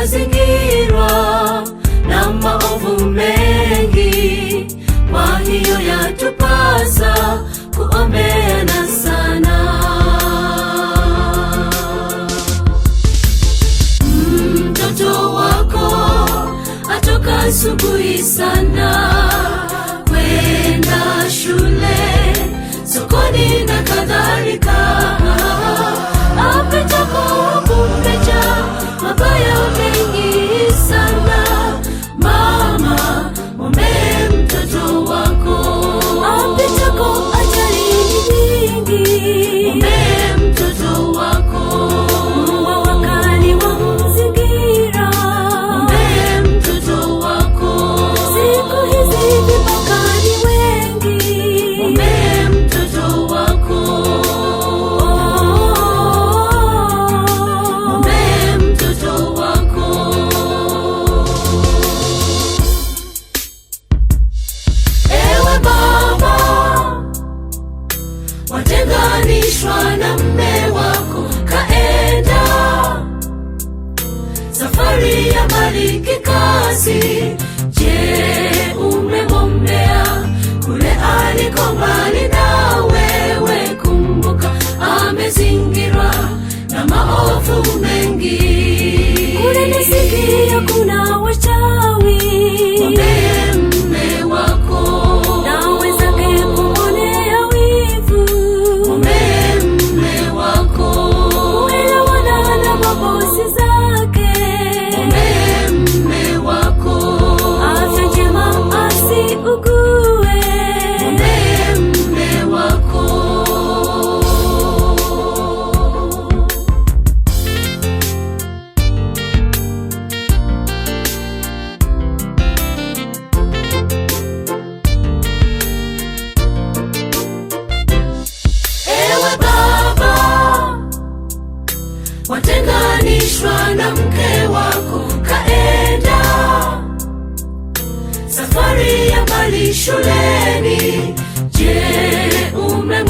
Tumezingirwa na maovu mengi, kwa hiyo yatupasa kuombeana sana. Mtoto wako atoka asubuhi sana umetenganishwa na mme wako, kaenda safari ya bariki kazi mbali shuleni. Je, ume